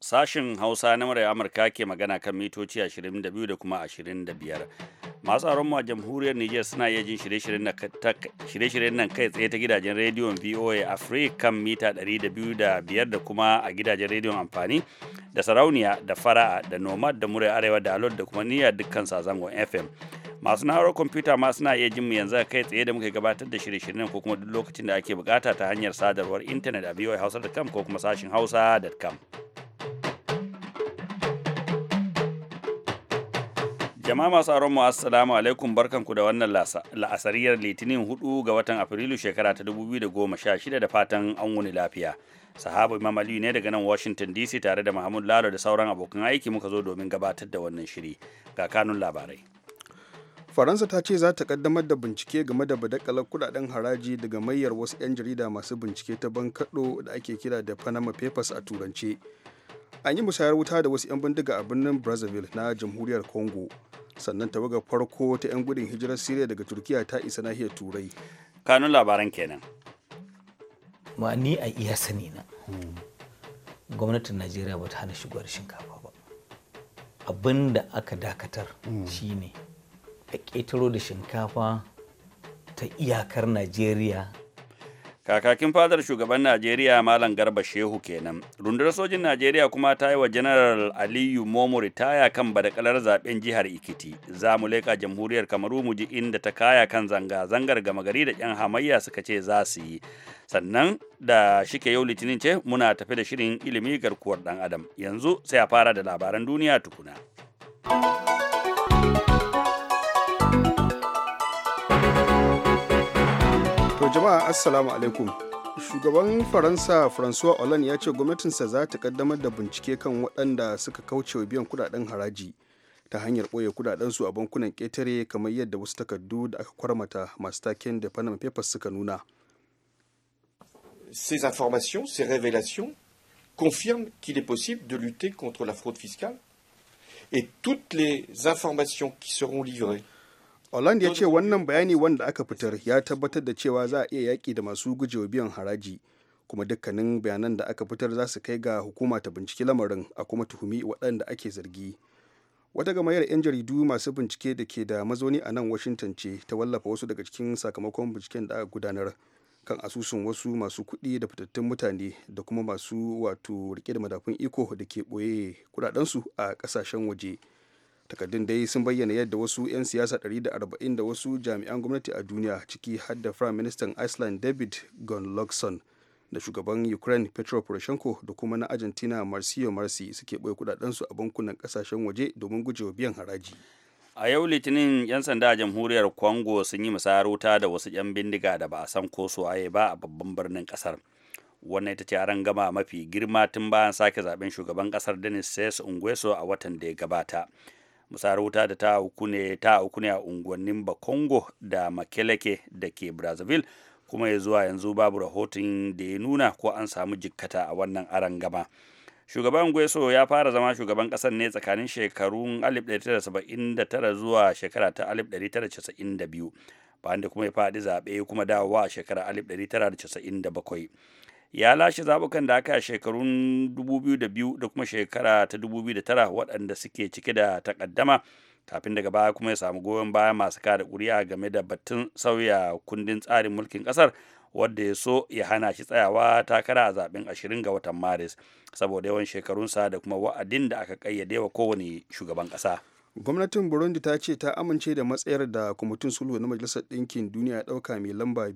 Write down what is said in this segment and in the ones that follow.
sashen Hausa na murar Amurka ke magana kan mitoci 22 da kuma 25. Masu tsaron a jamhuriyar Nijar suna iya jin shirye-shiryen nan kai tsaye ta gidajen rediyon VOA Africa kan mita 205 da kuma a gidajen rediyon amfani da sarauniya da fara'a da nomad da murar arewa da alod da kuma niyyar dukkan sazangon FM. masu na'urar kwamfuta ma suna iya jin mu yanzu a kai tsaye da muka gabatar da shirye-shiryen ko kuma duk lokacin da ake bukata ta hanyar sadarwar intanet a voahausa.com ko kuma sashin hausa.com jama'a masu aron mu assalamu alaikum barkanku da wannan la'asariyar litinin hudu ga watan afrilu shekara ta dubu 2016 da goma sha shida da fatan an wuni lafiya sahabu imam aliyu ne daga nan washington dc tare da mahmud lalo da sauran abokan aiki muka zo domin gabatar da wannan shiri ga kanun labarai faransa ta ce za ta kaddamar da bincike game da badakalar kudaden haraji daga mayar wasu 'yan jarida masu bincike ta bankaɗo da ake kira da panama papers a turance an yi musayar wuta da wasu 'yan bindiga a birnin brazzaville na jamhuriyar congo sannan tawagar farko ta 'yan gudun hijirar syria daga turkiya ta isa nahiyar turai kanun labaran kenan ma ni a iya sani na gwamnatin najeriya ba ta hana shigar shinkafa ba abinda aka dakatar hmm. shine a ƙetaro da shinkafa ta iyakar najeriya kakakin fadar shugaban najeriya malam garba shehu kenan rundunar sojin najeriya kuma ta yi wa janaral aliyu momo ritaya kan badakalar zaben jihar ikiti za mu leƙa jamhuriyar kamaru mu ji inda ta kaya kan zanga-zangar gama gari da yan hamayya suka ce za su yi sannan da shike yau litinin ce muna tafi da shirin ilimi garkuwar ɗan adam yanzu sai a fara da labaran duniya tukuna. To jama'a assalamu alaikum. Shugaban Faransa francois Hollande ya ce gwamnatinsa za ta kaddamar da bincike kan waɗanda suka kauce biyan kudaden haraji ta hanyar ɓoye kudadensu a bankunan ƙetare kamar yadda wasu takardu da aka kwarmata masu taken da Panama Papers suka nuna. Ces informations, ces révélations confirment qu'il est possible de lutter contre la fraude fiscale et toutes les informations qui seront livrées Holland ya ce wannan bayani wanda aka fitar ya tabbatar da cewa za a iya yaƙi da masu gujewa biyan haraji kuma dukkanin bayanan da aka fitar za su kai ga hukuma ta binciki lamarin a kuma tuhumi waɗanda ake zargi. Wata gamayyar 'yan jaridu masu bincike da ke da mazauni a nan Washington ce ta wallafa wasu daga cikin sakamakon binciken da aka gudanar kan asusun wasu masu kuɗi da fitattun mutane da kuma masu wato rike da madafun iko da ke ɓoye kuɗaɗensu a ƙasashen waje. takardun dai sun bayyana yadda wasu 'yan siyasa 140 da wasu jami'an gwamnati a duniya ciki har da prime minister iceland david gunlaugsson da shugaban ukraine petro poroshenko da kuma na argentina marcio marci suke ɓoye kudadensu a bankunan kasashen waje domin gujewa biyan haraji a yau litinin 'yan sanda a jamhuriyar congo sun yi musayarota da wasu 'yan bindiga da ba a san ko su aye ba a babban birnin kasar wannan ita ce aron gama mafi girma tun bayan sake zaben shugaban kasar denis ses ungueso a watan da ya gabata musayar wuta da ta auku ne ta auku ne a unguwannin bakongo da makeleke da ke brazzaville kuma ya zuwa yanzu babu rahoton da ya nuna ko an samu jikkata a wannan aron gama shugaban gueso ya fara zama shugaban kasar ne tsakanin shekarun 1979 zuwa shekara ta 1992 ba da kuma ya faɗi zaɓe kuma dawowa a shekarar 1997 ya lashe zabukan da aka shekarun 2002 da kuma shekara ta 2009 waɗanda suke cike da takaddama kafin daga baya kuma ya samu goyon baya masu kada ƙuri'a game da batun sauya kundin tsarin mulkin ƙasar wadda ya so ya hana shi tsayawa takara a zaben 20 ga watan maris saboda yawan shekarunsa da kuma wa'adin da aka kayyade wa kowane shugaban ƙasa. gwamnatin burundi ta ce ta amince da matsayar da kwamitin sulhu na majalisar ɗinkin duniya ɗauka mai lamba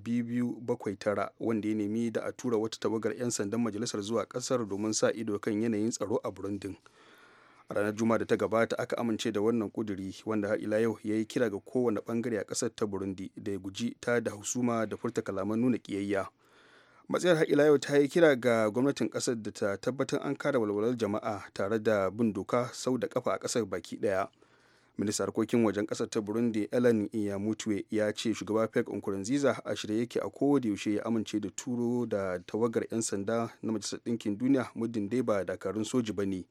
tara wanda ya nemi da a tura wata tawagar 'yan sandan majalisar zuwa ƙasar domin sa ido kan yanayin tsaro a burundin a ranar juma'a da ta gabata aka amince da wannan kuduri wanda har ila yau ya yi kira ga kowane bangare a ƙasar ta burundi da ya guji ta da husuma da furta kalaman nuna ƙiyayya matsayar har ila yau ta yi kira ga gwamnatin ƙasar da ta tabbatar an kare walwalar jama'a tare da bin doka sau da kafa a ƙasar baki ɗaya ministan harkokin wajen kasar ta burundi ellen iyamutwe ya ce shugaba pek nkurunziza a shirye yake a kowane yaushe ya amince da turo da tawagar 'yan sanda na majalisar ɗinkin duniya muddin dai ba dakarun soji ba ne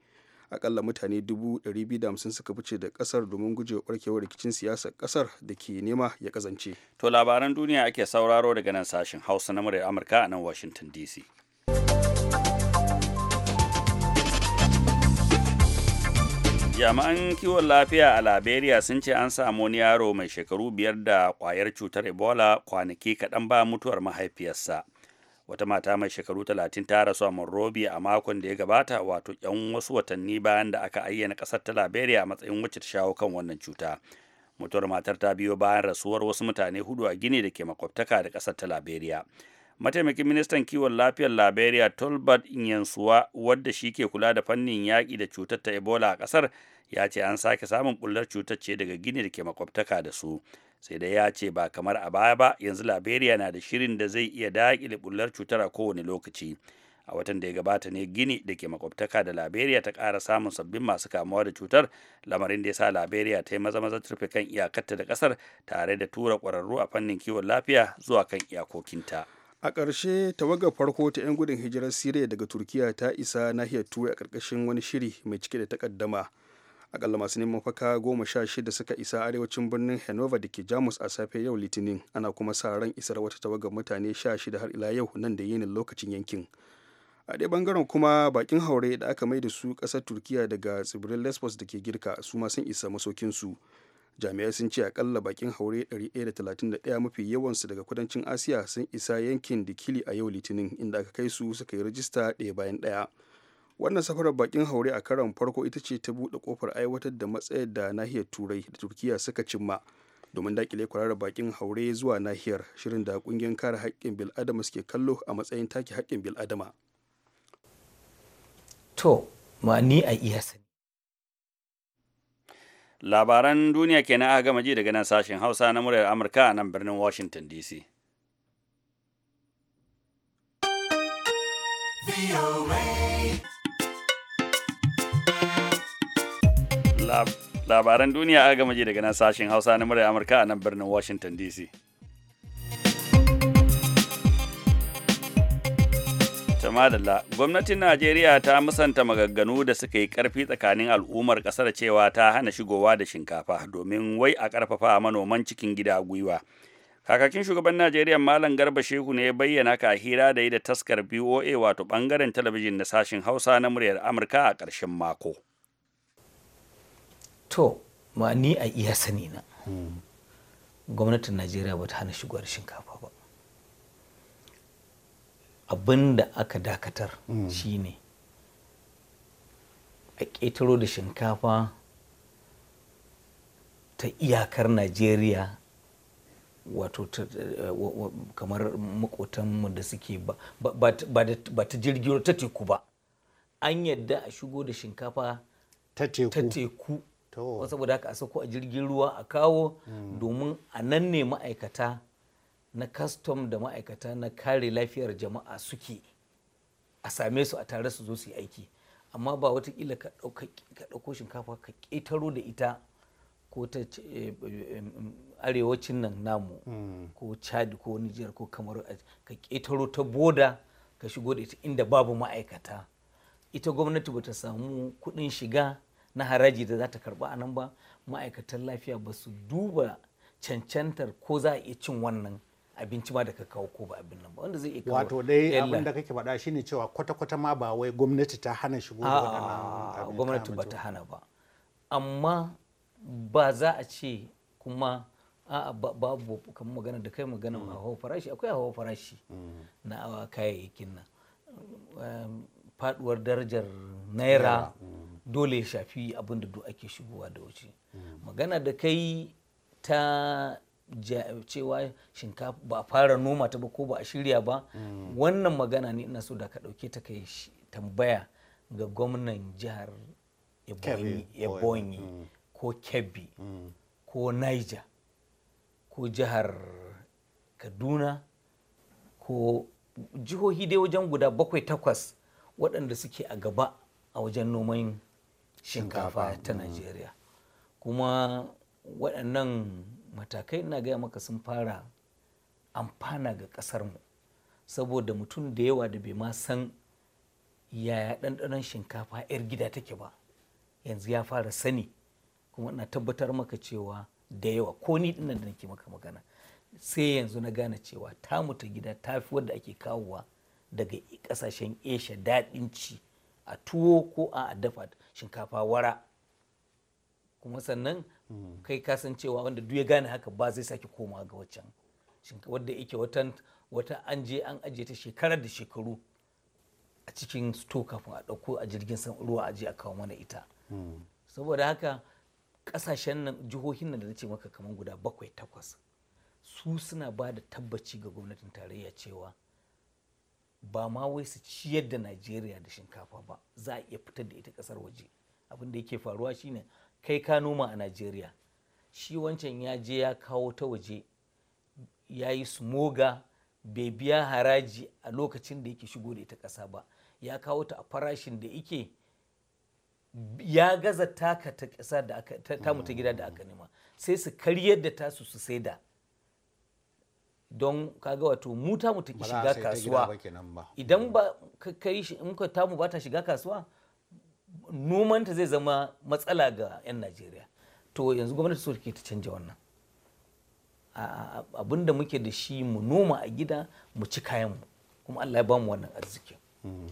akalla mutane 250 suka fice da kasar domin guje barkewar rikicin siyasar kasar da ke nema ya kazance to labaran duniya ake sauraro daga nan sashen hausa na murya amurka a nan washington dc jami'an kiwon lafiya a liberia sun ce an samu wani yaro mai shekaru biyar da kwayar cutar ebola kwanaki kaɗan ba mutuwar mahaifiyarsa wata mata mai shekaru talatin ta rasu a monrobi a makon da ya gabata wato yan wasu watanni bayan da aka ayyana ƙasar ta liberia a matsayin wacce ta shawo kan wannan cuta mutuwar matar ta biyo bayan rasuwar wasu mutane hudu a gini da ke makwabtaka da ƙasar ta liberia mataimakin ministan kiwon lafiyar liberia tolbert yansuwa wadda shi ke kula da fannin yaƙi da cutar ta ebola a ƙasar ya ce an sake samun bullar cutar ce daga gini da ke makwabtaka da su sai dai ya ce ba kamar a baya ba yanzu liberia na da shirin da zai iya daƙile bullar cutar a kowane lokaci a watan da ya gabata ne gini da ke makwabtaka da liberia ta ƙara samun sabbin masu kamuwa da cutar lamarin da ya sa liberia ta yi maza maza turfe kan iyakarta da ƙasar tare da tura ƙwararru a fannin kiwon lafiya zuwa kan iyakokinta. a ƙarshe tawagar farko ta 'yan gudun hijirar siriya daga turkiya ta isa nahiyar turai a ƙarƙashin wani shiri mai cike da takaddama akalla masu neman mafaka goma sha shida suka isa arewacin birnin hanover da ke jamus a safe yau litinin ana kuma sa ran isar wata tawagar mutane sha shida har ila yau nan da yinin lokacin yankin a ɗaya bangaren kuma bakin haure da aka mai da su ƙasar turkiya daga tsibirin lesbos da ke girka su ma sun isa masokinsu. su jami'ai sun ce akalla bakin haure 131 mafi yawansu daga kudancin asiya sun isa yankin dikili a yau litinin inda aka kai su suka yi rajista ɗaya bayan ɗaya wannan safarar bakin haure a karon farko ita ce ta buɗe kofar aiwatar da matsayar da nahiyar turai da turkiya suka cimma domin daƙile kwararar bakin haure zuwa nahiyar shirin da ƙungiyar kare haƙƙin bil'adama suke kallo a matsayin take haƙƙin bil'adama to ma ni a iya sani labaran duniya kenan aka gama ji daga nan sashen hausa na muryar amurka a nan birnin washington dc labaran duniya aka gama ji daga nan sashen hausa na muryar amurka a nan birnin washington dc madalla gwamnatin najeriya ta musanta magagganu da suka yi karfi tsakanin al'ummar kasar cewa ta hana shigowa da shinkafa domin wai a karfafa manoman cikin gida gwiwa kakakin shugaban najeriya malam garba shehu ne ya bayyana ka hira da yi da taskar boa wato bangaren talabijin na sashin hausa na muryar amurka a ƙarshen mako to ma ni a iya sani na gwamnatin najeriya ba ta hana shigowar shinkafa ba abin da aka dakatar shine a ƙetaro da shinkafa ta iyakar najeriya wato eh, kamar makotanmu da suke ba ta jirgin ta teku ba an yadda a shigo da shinkafa ta teku saboda haka a sako a jirgin ruwa a kawo mm. domin a nan ne ma'aikata na kastom da ma'aikata na kare lafiyar jama'a suke a same su a tare su zo su yi aiki amma ba watakila ka ɗauko shinkafa ka ƙetaro da ita ko ta eh, eh, arewacin nan namu mm. ko chad ko nijar ko kamar ka ƙetaro ta boda ka shigo da ita inda babu ma'aikata ita gwamnati ba ta samu kuɗin shiga na haraji da za ta karba a nan ba ma'aikatan lafiya ba su duba cancantar ko za a iya cin wannan abinci ma da ka kawo ko ba abin nan ba wanda zai iya wato dai abin da kake faɗa shine cewa kwata-kwata ma ba wai gwamnati ta hana shigo da waɗannan gwamnati ba ta hana ba amma ba za a ce kuma a'a babu kamar magana da kai magana mm. a hawa farashi akwai hawa farashi mm. na kayayyakin nan faduwar darajar naira mm. dole ya shafi abinda da duk ake shigowa da wuce magana da kai ta cewa shinkafa ba a fara noma ta ba ko ba a shirya ba wannan magana ne ina so da ka ɗauke ta kai tambaya ga gwamnan jihar ebonyi mm. ko kebbi mm. ko niger ko jihar kaduna ko jihohi dai wajen guda bakwai takwas waɗanda suke a gaba a wajen noman shinkafa ta mm. najeriya kuma waɗannan matakai ina gaya maka sun fara amfana ga ƙasarmu saboda mutum da yawa da bai ma san yaya ɗanɗanon shinkafa 'yar gida take ba yanzu ya fara sani kuma ina tabbatar maka cewa da yawa ko ni ɗin da nake maka magana sai yanzu na gane cewa ta ta gida ta fi wadda ake kawowa daga ƙasashen esha daɗin ci a tuwo ko a dafa shinkafa wara kuma sannan kai kasancewa wanda duk ya gane haka ba zai sake koma ga waccan wadda yake watan wata an je an ajiye ta shekarar da shekaru a cikin sto kafin a ɗauko a jirgin san ruwa a a kawo mana ita saboda haka ƙasashen nan jihohin nan da na ce maka kamar guda bakwai takwas su suna ba da tabbaci ga gwamnatin tarayya cewa ba ma wai su ciyar da najeriya da shinkafa ba za a iya fitar da ita ƙasar waje abin da yake faruwa shine kai ka noma a najeriya shi wancan ya je ya kawo ta waje ya yi smoga bai biya haraji a lokacin da yake shigo da ita ƙasa ba ya kawo ta a farashin da yake ya gaza taka ta ƙasa da aka tamu ta gida da aka nema sai su karyar da tasu su saida don kaga wato mu tamu ta shiga kasuwa idan ba kai shi in ka tamu ba ta shiga kasuwa nomanta zai zama matsala ga 'yan najeriya to yanzu gwamnati so ke ta canja wannan abin da muke da shi mu noma a gida mu ci kayanmu kuma allah ya bamu wannan arziki hmm.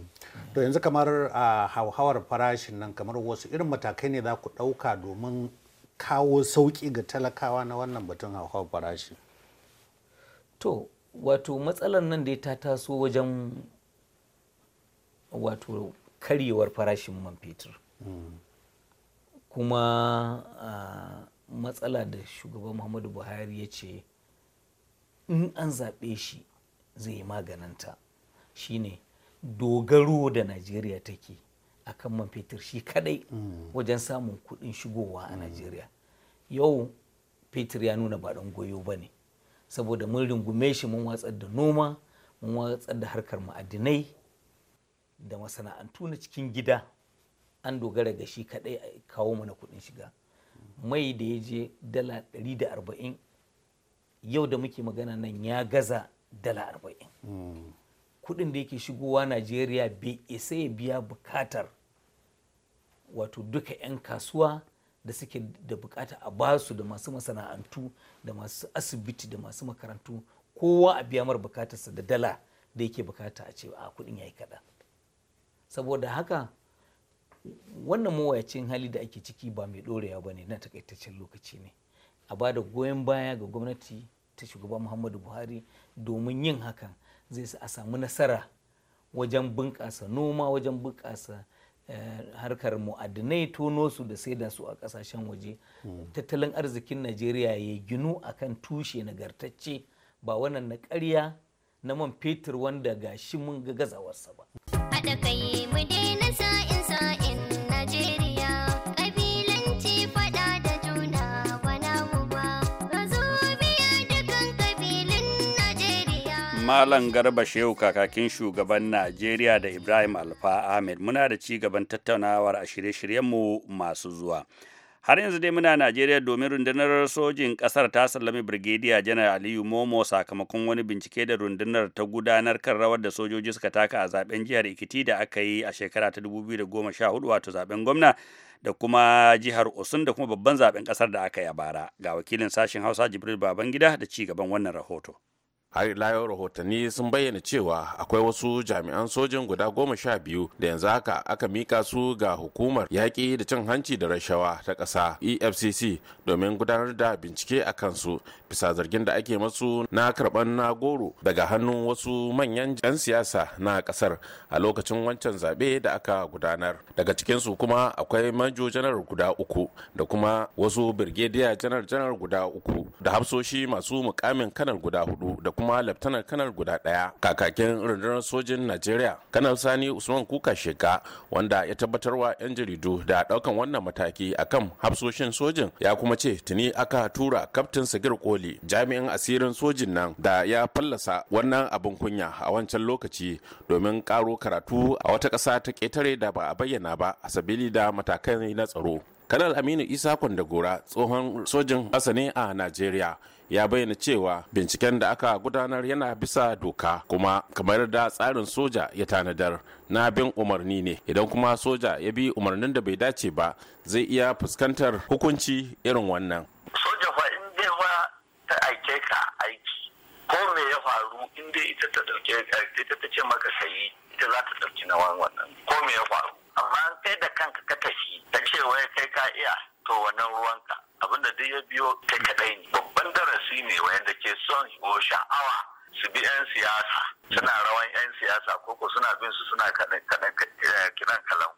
to yanzu kamar a hauhawar farashin nan kamar wasu irin matakai ne za ku ɗauka domin kawo sauki ga talakawa na wannan batun hauhawar farashi to wato matsalar nan da ta taso wajen wato karyewar farashin man fetur kuma matsala da shugaban muhammadu buhari ya ce in an zaɓe shi zai yi maganinta shine dogaro da najeriya take akan man fetur shi kadai wajen samun kuɗin shigowa a najeriya yau fetur ya nuna ba ɗan goyo ba ne saboda mun rungume shi mun watsar da noma mun watsar da harkar ma'adinai da masana'antu na cikin gida an dogara ga shi kaɗai a kawo mana kuɗin shiga mai da ya je dala 140 yau da muke magana nan ya gaza dala 40 Kuɗin da yake shigowa najeriya bai isa ya biya bukatar wato duka 'yan kasuwa da suke da bukata a basu da masu masana'antu da masu asibiti da masu makarantu kowa a biya mar bukatarsa da dala da yake bukata a ce a ya yi kaɗan saboda haka wannan mawayacin hali da ake ciki ba mai ɗorewa ba ne na takaitaccen lokaci ne a ba da goyon baya ga gwamnati ta shugaba muhammadu buhari domin yin hakan zai sa a samu nasara wajen bunƙasa noma wajen bunƙasa eh, harkar mu'adinai tono su da saida su a ƙasashen waje hmm. tattalin arzikin najeriya ya ginu akan tushe nagartacce ba wannan na ƙarya na man fetur wanda ga shi mun ga gazawarsa ba haɗa kai mu daina sa'in sa'in Najeriya ƙabilanci faɗa da juna wana uba ka zo biya dukan ƙabilun Najeriya. Malam Garba Shehu kakakin shugaban Najeriya da Ibrahim Alfa Ahmed muna da ci gaban tattaunawar a shirye-shiryenmu masu zuwa. har yanzu dai muna najeriya domin rundunar sojin kasar ta sallami birgediya janar aliyu momo sakamakon wani bincike da rundunar ta gudanar kan rawar da sojoji suka taka a zaben jihar ikiti da aka yi a shekara ta 2014 wato zaben gwamna da kuma jihar osun da kuma babban zaben kasar da aka yi a bara ga wakilin sashen hausa jibril babangida da ci gaban wannan rahoto har ila rahotanni sun bayyana cewa akwai wasu jami'an sojin guda goma sha biyu da yanzu haka aka mika su ga hukumar yaƙi da cin hanci da rashawa ta ƙasa efcc domin gudanar da bincike a kansu bisa zargin da ake masu na karɓar na goro daga hannun wasu manyan 'yan siyasa na ƙasar a lokacin wancan zaɓe da aka gudanar daga cikinsu kuma akwai manjo janar guda uku da kuma wasu birgediya janar janar guda uku da hafsoshi masu mukamin kanar guda hudu da kuma laftanar kanar guda ɗaya kakakin rundunar sojin najeriya kanar sani usman kuka sheka wanda ya tabbatar wa 'yan jaridu da ɗaukan wannan mataki akan hafsoshin sojin ya kuma ce tuni aka tura kaftin sagir koli jami'in asirin sojin nan da ya fallasa wannan abin kunya a wancan lokaci domin karo karatu a wata ƙasa ta ketare da ba a bayyana ba a sabili da matakai na tsaro kanal aminu isa kwandagora tsohon sojin Hassane a najeriya ya bayyana cewa binciken da aka gudanar yana bisa doka kuma kamar da tsarin soja ya tanadar na bin umarni ne idan kuma soja ya bi umarnin da bai dace ba zai iya fuskantar hukunci irin wannan soja fa in dai ta aike ka aiki ko me ya faru in dai ita ta dauke ita ta ce maka sayi ita za ta dauki na wannan ko me ya faru amma kai da kanka ka tafi ta ce wai kai ka iya to wannan ruwanka da da ya biyo ta kadai ne babban darasi ne wanda ke son ko sha'awa su bi 'yan siyasa suna rawan 'yan siyasa koko suna bin su suna kiran kalan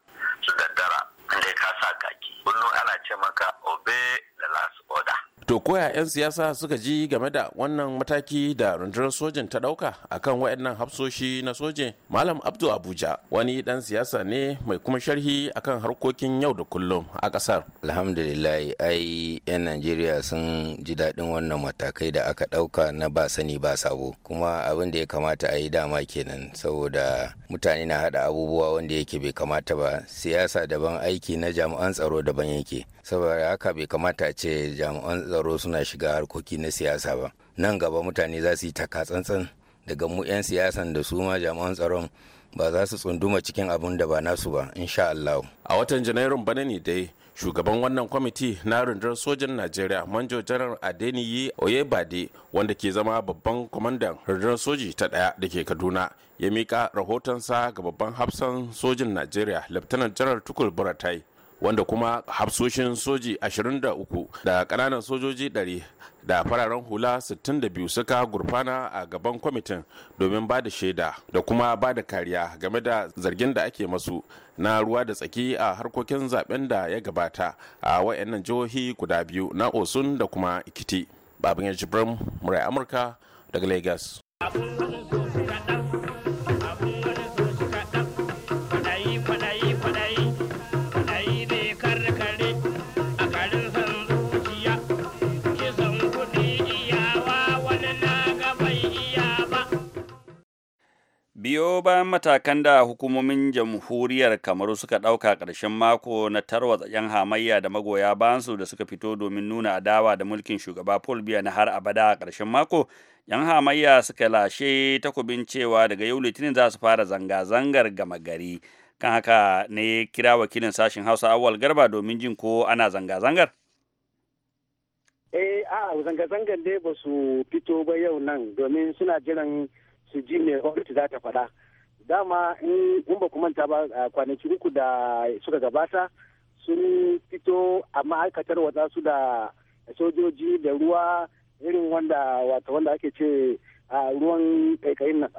su daddara inda ka sa kaki kullum ana ce maka obe da last order To koya 'yan siyasa suka ji game da wannan mataki da rundunar sojin ta dauka akan waɗannan hafsoshi na sojin Malam Abdu Abuja wani dan siyasa ne mai kuma sharhi akan harkokin yau da kullum a kasar. Alhamdulillah ai 'yan Najeriya sun ji daɗin wannan matakai da aka ɗauka na ba sani ba sabo kuma abin da ya kamata a yi dama kenan saboda mutane na haɗa abubuwa wanda yake bai kamata ba siyasa daban aiki na jami'an tsaro daban yake saboda haka bai kamata a ce jami'an tsaro suna shiga harkoki na siyasa ba nan gaba mutane za su yi takatsantsan daga mu 'yan siyasan da su ma jami'an tsaron ba za su tsunduma cikin abin da ba nasu ba insha Allah. A watan Janairun bana ne dai shugaban wannan kwamiti na rundunar sojan Najeriya Manjo Janar Adeniyi Oyebade wanda ke zama babban kwamandan rundunar soji ta ɗaya da ke Kaduna ya mika rahotonsa ga babban hafsan sojin Najeriya lieutenant Janar Tukul Buratai wanda kuma hafsoshin soji 23 da kananan sojoji 100 da fararen hula 62 suka gurfana a gaban kwamitin domin ba da shaida da kuma ba da kariya game da zargin da ake masu na ruwa da tsaki a harkokin zaben da ya gabata a wayannan jihohi guda biyu na osun da kuma ikiti babin ya murai amurka daga lagos biyo bayan matakan da hukumomin jamhuriyar kamaru suka ɗauka ƙarshen mako na tarwatsa 'yan hamayya da magoya bayansu da suka fito domin nuna adawa da mulkin shugaba paul biya na har abada a ƙarshen mako 'yan hamayya suka lashe takobin cewa daga yau litinin za su fara zanga-zangar gama gari kan haka ne kira wakilin sashen hausa awal garba domin jin ko ana zanga-zangar eh a zanga-zangar dai ba su fito ba yau nan domin suna jiran su ji me gwamnati za ta faɗa dama in ba ku manta ba kwanaki uku da suka gabata sun fito a ma'aikatar watsa su da sojoji da ruwa irin wanda wata wanda ake ce a ruwan kaikayin nan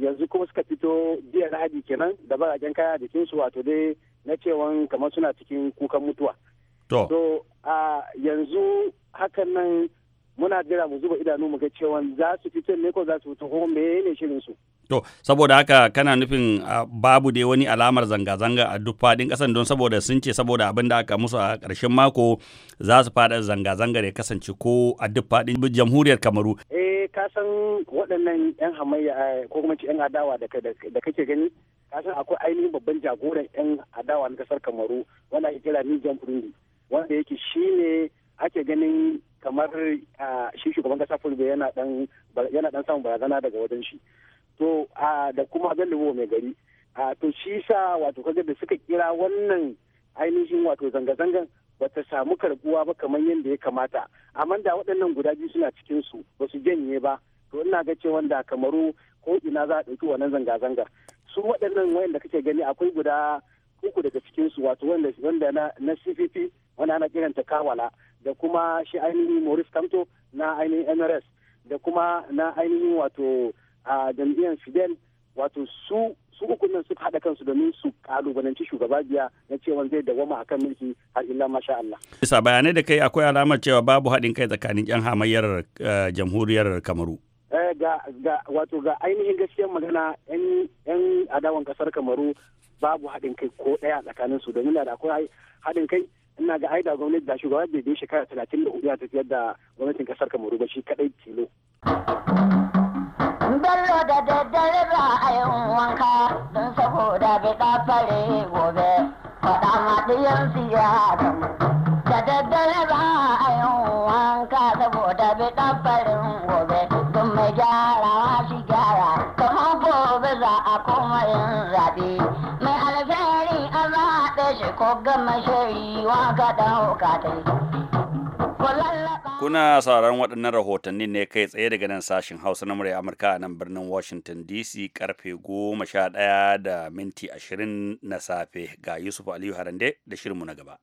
yanzu kuma suka fito jiya lahadi kenan da baragen kaya jikinsu wato dai na cewan kamar suna cikin kukan mutuwa to yanzu hakan nan muna jira mu zuba idanu mu ga cewa za su fito ne ko za su fito ko me ne shirin su to saboda haka kana nufin babu dai wani alamar zanga zanga a duk fadin kasan don saboda sun ce saboda abin da aka musu a karshen mako za su fada zanga zanga da kasance ko a duk fadin jamhuriyar Kamaru eh ka san waɗannan yan hamayya eh, ko kuma ce yan adawa da kake gani ka san akwai ainihin babban jagoran yan adawa na kasar Kamaru wanda ake kira Nijan Burundi wanda yake shine ake ganin kamar shi shugaban kasa fulbe yana dan yana samun barazana daga wajen shi to da kuma bello mai gari to shi sa wato kaga da suka kira wannan ainihin wato zanga-zangan bata samu karbuwa ba kamar yadda ya kamata amma da waɗannan guda biyu suna cikin su ba su janye ba to ina ga cewa da kamaru ko ina za a ɗauki wannan zanga-zangar su waɗannan wayanda kake gani akwai guda uku daga cikin su wato wanda na na CPP wanda ana kiranta kawala da kuma shi ainihin maurice kamto na ainihin mrs da kuma na ainihin wato a jam'iyyar fidel wato su su uku nan suka haɗa kansu domin su kalubalanci shugaba biya na cewa zai dawama akan mulki har illa masha Allah. Bisa bayanai da kai akwai alamar cewa babu haɗin kai tsakanin 'yan hamayyar eh, jamhuriyar Kamaru. Eh, ga wato ga ainihin gaskiyar magana 'yan adawan kasar Kamaru babu haɗin kai ko ɗaya tsakanin su domin da akwai haɗin kai ina ga aida gwamnati da shugaba bai bin shekara talatin da hudu ya tafiyar da gwamnatin kasar kamaru ba shi kadai tilo. Bello da daddare ba a yi wanka don saboda bai ɗafare gobe faɗa maɗiyan siya da daddare ba a yi wanka saboda bai ɗafarin gobe. Kuna sauraron waɗannan rahotannin ne kai tsaye daga nan sashen Hausa na murya Amurka a nan birnin Washington DC karfe goma sha ɗaya da minti ashirin na safe ga Yusuf Aliyu Harande da shirinmu na gaba.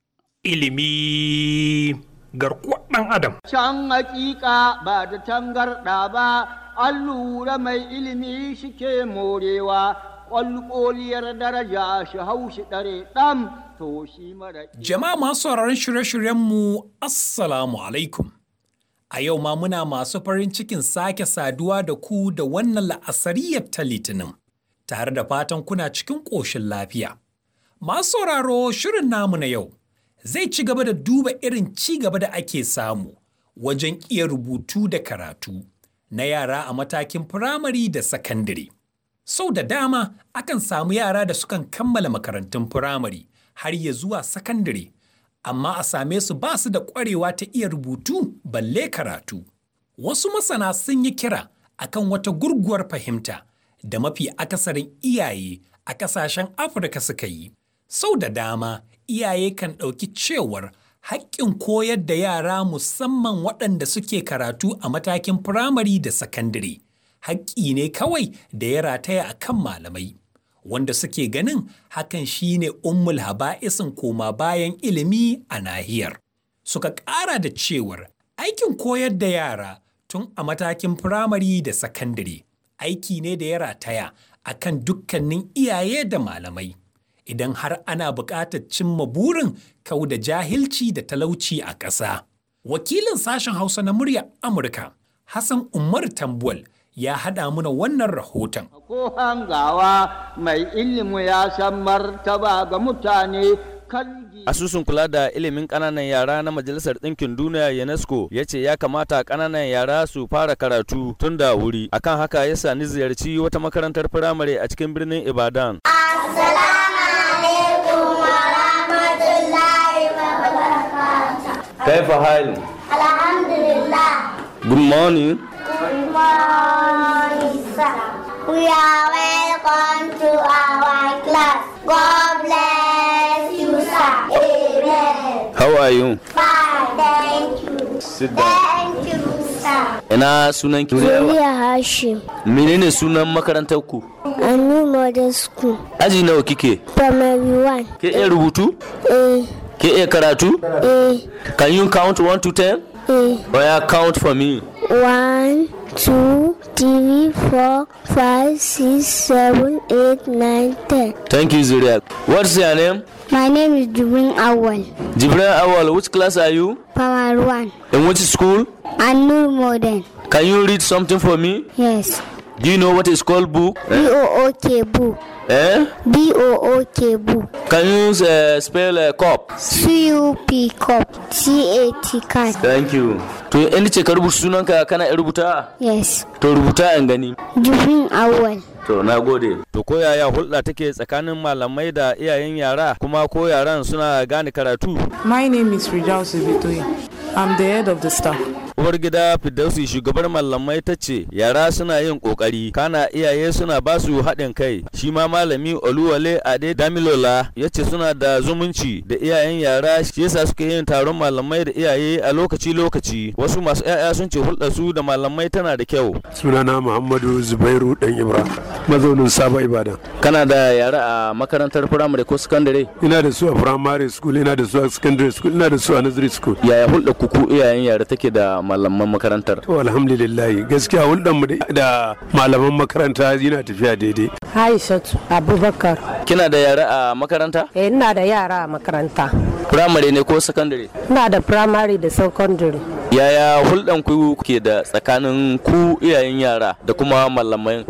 Ilimi garkuwar ɗan Adam. Can hakika ba da tangarɗa ba, an lura mai ilimi shike morewa ƙwalƙoliyar daraja shi haushi ɗare to shi mara Jama'a masu sauraron shirye-shiryenmu Assalamu alaikum. A yau ma muna masu farin cikin sake saduwa da ku da wannan la'asariyar ta litinin, tare da fatan kuna cikin ƙoshin lafiya. Masu sauraro shirin namu na yau zai ci gaba da duba irin ci gaba da ake samu wajen iya rubutu da karatu na yara a matakin firamare da sakandare. Sau da dama akan samu yara da sukan kammala makarantun firamare har ya zuwa sakandare, amma a same su ba su da ƙwarewa ta iya rubutu balle karatu. Wasu masana sun yi kira akan wata gurguwar fahimta da mafi akasarin iyaye a ƙasashen Afirka suka yi. Sau da dama iyaye kan ɗauki cewar haƙƙin koyar da yara musamman waɗanda suke karatu a matakin firamare da sakandare. haƙƙi ne kawai da ya rataya a kan malamai, wanda suke ganin hakan shi ne ummul haba'isin koma bayan ilimi a nahiyar. Suka ƙara da cewar aikin koyar da yara tun a matakin firamare da sakandare, aiki ne da ya rataya a kan dukkanin iyaye da malamai. Idan har ana buƙatar cimma burin kau da jahilci da talauci a ƙasa. Wakilin sashen Hausa na murya Amurka, Hassan Umar Tambuwal, ya haɗa muna wannan rahoton. Ko hangawa mai ilimi ya san martaba ga mutane Asusun kula da ilimin ƙananan yara na Majalisar Ɗinkin Duniya UNESCO ya ce ya kamata ƙananan yara su fara karatu tun da wuri. Akan haka ya sani ziyarci wata makarantar firamare a cikin birnin Ibadan. Kaifa hali? Alhamdulillah. Good morning. Moisa. We are welcome to our class. God bless you, sir. Amen. How are you? Fine, thank you. Sit down. Thank you, sir. Ina sunan sunan makarantar ku? Anu Modern School. Aji nawa kike? Primary one. Ke iya rubutu? Eh. Ke iya karatu? Eh. Can you count one to ten. Eh. Or count for me? one, two, three, four, five, six, seven, eight, nine, ten. Thank you, Zuriat. What's your name? My name is Jibrin Awal. Jibrin Awal, which class are you? Primary one. In which school? Anur Modern. Can you read something for me? Yes. Do you know what is called book? B O O K book. Eh? B O O K B. Can you uh, spell uh, cop? C U P cop. C A T cat. Thank you. To any ce ka rubuta sunanka kana rubuta? Yes. To rubuta in gani. Jibrin Awal. To na gode. To ko yaya hulɗa take tsakanin malamai da iyayen yara kuma ko yaran suna gane karatu? My name is Rijal Sibitoyi. I'm the head of the staff. uwar gida fidausi shugabar malamai ta ce yara suna yin kokari kana iyaye suna ba su haɗin kai shi ma malami oluwale ade damilola ya ce suna da zumunci da iyayen yara shi yasa suke yin taron malamai da iyaye a lokaci lokaci wasu masu yaya sun ce hulɗar su da malamai tana da kyau sunana muhammadu zubairu dan ibra mazaunin sabon ibadan kana da yara a makarantar firamare ko sakandare ina da su a firamare school ina da su a sakandare school ina da su a nursery school yaya hulɗar kuku iyayen yara take da malaman makarantar to alhamdulillah gaskiya hulɗar mu da malaman makaranta yana tafiya daidai Aishatu Abubakar kina da yara a makaranta eh ina da yara a makaranta primary ne ko secondary ina da primary da secondary yaya hulɗan ku ke da tsakanin ku iyayen yara da kuma malamai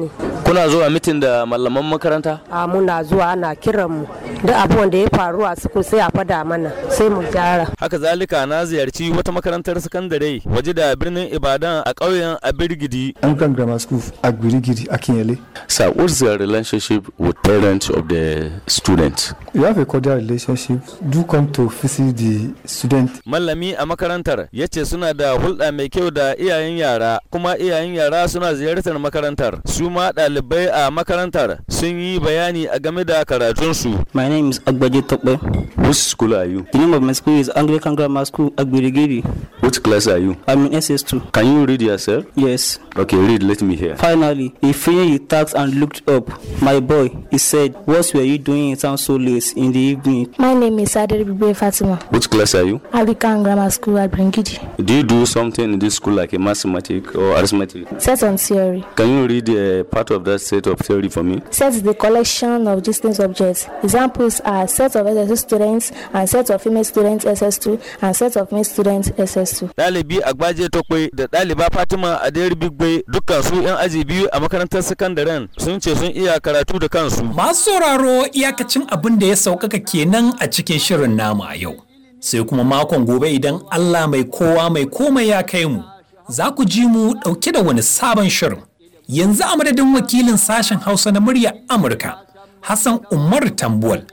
kuna zuwa mitin da malaman makaranta a muna zuwa ana kiran mu da abuwan da ya faru a suku sai a fada mana sai mu gyara haka zalika na ziyarci wata makarantar sakandare waje da birnin ibadan a ƙauyen abirgidi an kan grammar school a birgidi a kinyale sir what's the relationship with parents of the student you have a cordial relationship do come to visit the student mallami a makarantar yace suna suna da hulɗa mai kyau da iyayen yara kuma iyayen yara suna ziyartar makarantar su ma ɗalibai a makarantar sun yi bayani a game da karatunsu. My name is Agbaje Tokpe. Which school are you? The name of my school is Anglican Grammar School Agbirigiri. Which class are you? I'm in SS2. Can you read yourself? Yes. Okay, read, let me hear. Finally, he finished his task and looked up. My boy, he said, What were you doing in town so late in the evening? My name is Aderibibe Fatima. Which class are you? Abikan Grammar School at Bringidi. Do you do something in this school like a mathematics or arithmetic? Set on theory. Can you read a part of that set of theory for me? Set is the collection of distinct objects. Examples are set of SS students and set of female students SS2 and set of male students SS2. Dalibi Agbaje Tokwe da Daliba Fatima Aderibigbe dai duka su 'yan aji biyu a makarantar sakandaren sun ce sun iya karatu da kansu. Masu sauraro iyakacin abin da ya sauƙaƙa kenan a cikin shirin nama a yau. Sai kuma makon gobe idan Allah mai kowa mai komai ya kai mu, za ku ji mu ɗauke da wani sabon shirin. Yanzu a madadin wakilin sashen Hausa na murya Amurka, Hassan Umar Tambuwal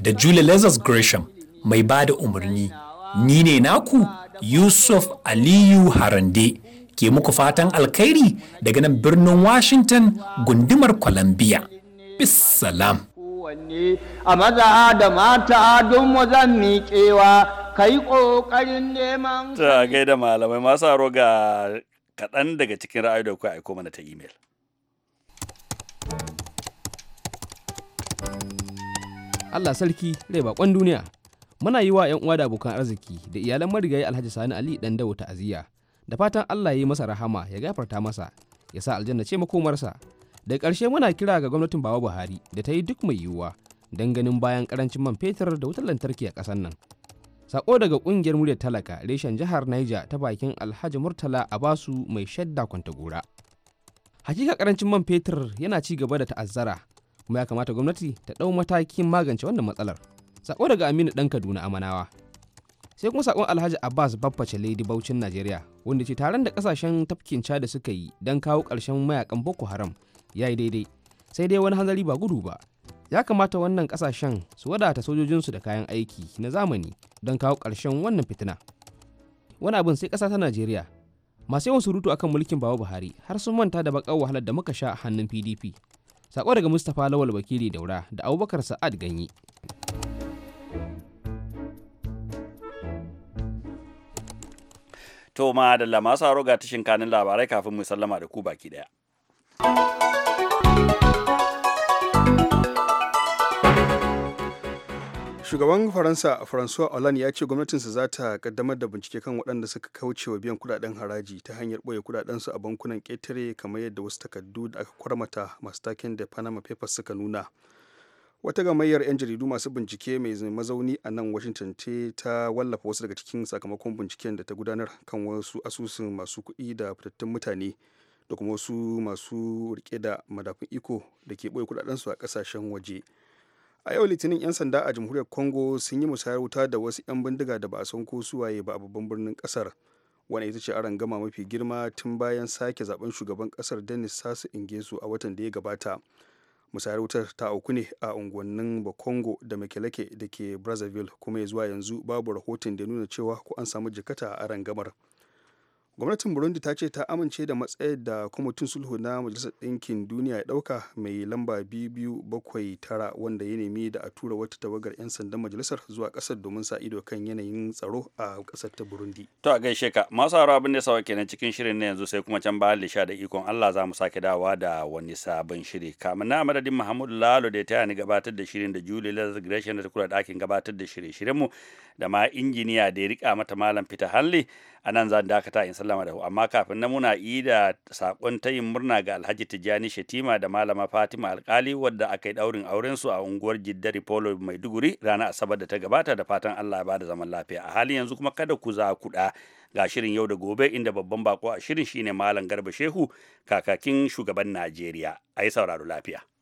da Julie Lazarus Gresham mai ba da umarni. Ni ne naku Yusuf Aliyu Harande. ke muku fatan alkhairi daga nan birnin Washington gundumar Columbia. Bissalam. A maza da mata don wajen zan miƙewa, ka yi ƙoƙarin neman. Ta gaida malamai masu aro ga kaɗan daga cikin ra'ayi da kuwa aiko mana ta imel. Allah sarki rai bakon duniya. Muna yi wa 'yan uwa da abokan arziki da iyalan marigayi Alhaji Sani Ali Dandawo ta'aziyya. da fatan Allah ya yi masa rahama ya gafarta masa ya sa aljanna ce makomarsa da ƙarshe muna kira ga gwamnatin Baba Buhari da ta yi duk mai yiwuwa don ganin bayan karancin man fetur da wutar lantarki a ƙasar nan sako daga ƙungiyar muryar talaka reshen jihar Niger ta bakin Alhaji Murtala Abasu mai shadda kwanta gora hakika karancin man fetur yana ci gaba da ta'azzara kuma ya kamata gwamnati ta ɗau matakin magance wannan matsalar sako daga Aminu ɗan Kaduna Amanawa sai kuma sakon alhaji abbas bafface lady baucin najeriya wanda ce taron da kasashen tafkin da suka yi don kawo ƙarshen mayakan boko haram ya yi daidai sai dai wani hanzari ba gudu ba ya kamata wannan kasashen su wadata sojojinsu da kayan aiki na zamani don kawo ƙarshen wannan fitina wani abin sai ƙasa ta najeriya masu yawan surutu akan mulkin bawa buhari har sun manta da bakar wahalar da muka sha hannun pdp sako daga mustapha lawal wakili daura da abubakar sa'ad ganye. to ma da lama saro ga tashin kanin labarai kafin mu sallama da ku baki daya shugaban faransa francois hollande ya ce gwamnatinsa za ta kaddamar da bincike kan waɗanda suka kauce wa biyan kudaden haraji ta hanyar ɓoye kudadensu a bankunan ƙetare kamar yadda wasu takardu da aka kwarmata masu taken da panama papers suka nuna wata gamayyar 'yan jaridu masu bincike mai mazauni a nan washington ce ta wallafa wasu daga cikin sakamakon binciken da ta gudanar kan wasu asusun masu kuɗi da fitattun mutane da kuma wasu masu rike da madafin iko da ke ɓoye su a ƙasashen waje a yau litinin 'yan sanda a jamhuriyar congo sun yi musayar wuta da wasu 'yan bindiga da ba a san ko suwaye ba a babban birnin ƙasar wani ita ce aron gama mafi girma tun bayan sake zaben shugaban ƙasar denis sassou ingesu a watan da ya gabata musayar wutar ta auku ne a unguwannin bakongo da makeleke da ke brazzaville kuma zuwa yanzu babu rahoton da nuna cewa ko an samu jikata a rangamar gamar gwamnatin burundi ta ce ta amince da matsayar da kwamitin sulhu na majalisar ɗinkin duniya ya ɗauka mai lamba tara wanda ya nemi da a tura wata tawagar 'yan sandan majalisar zuwa ƙasar domin sa ido kan yanayin tsaro a ƙasar ta burundi to a gaishe ka masu haro abin da sawa kenan cikin shirin na yanzu sai kuma can bayan lisha da ikon allah za mu sake dawa da wani sabon shiri kamin na madadin muhammadu lalo da ya taya ni gabatar da shirin da julie lazar gresham da ta kula da ɗakin gabatar da shirye-shiryenmu da ma injiniya da ya riƙa mata malam fita hanley a nan zan dakata in sallama da amma kafin na muna yi da sakon yin murna ga alhaji tijjani shetima da malama fatima alkali wadda aka yi daurin auren su a unguwar jiddari polo duguri ranar asabar da ta gabata da fatan allah ya bada zaman lafiya a halin yanzu kuma kada ku za kuɗa ga shirin yau da gobe inda babban bako a shirin shine malam garba shehu kakakin shugaban najeriya a yi sauraro lafiya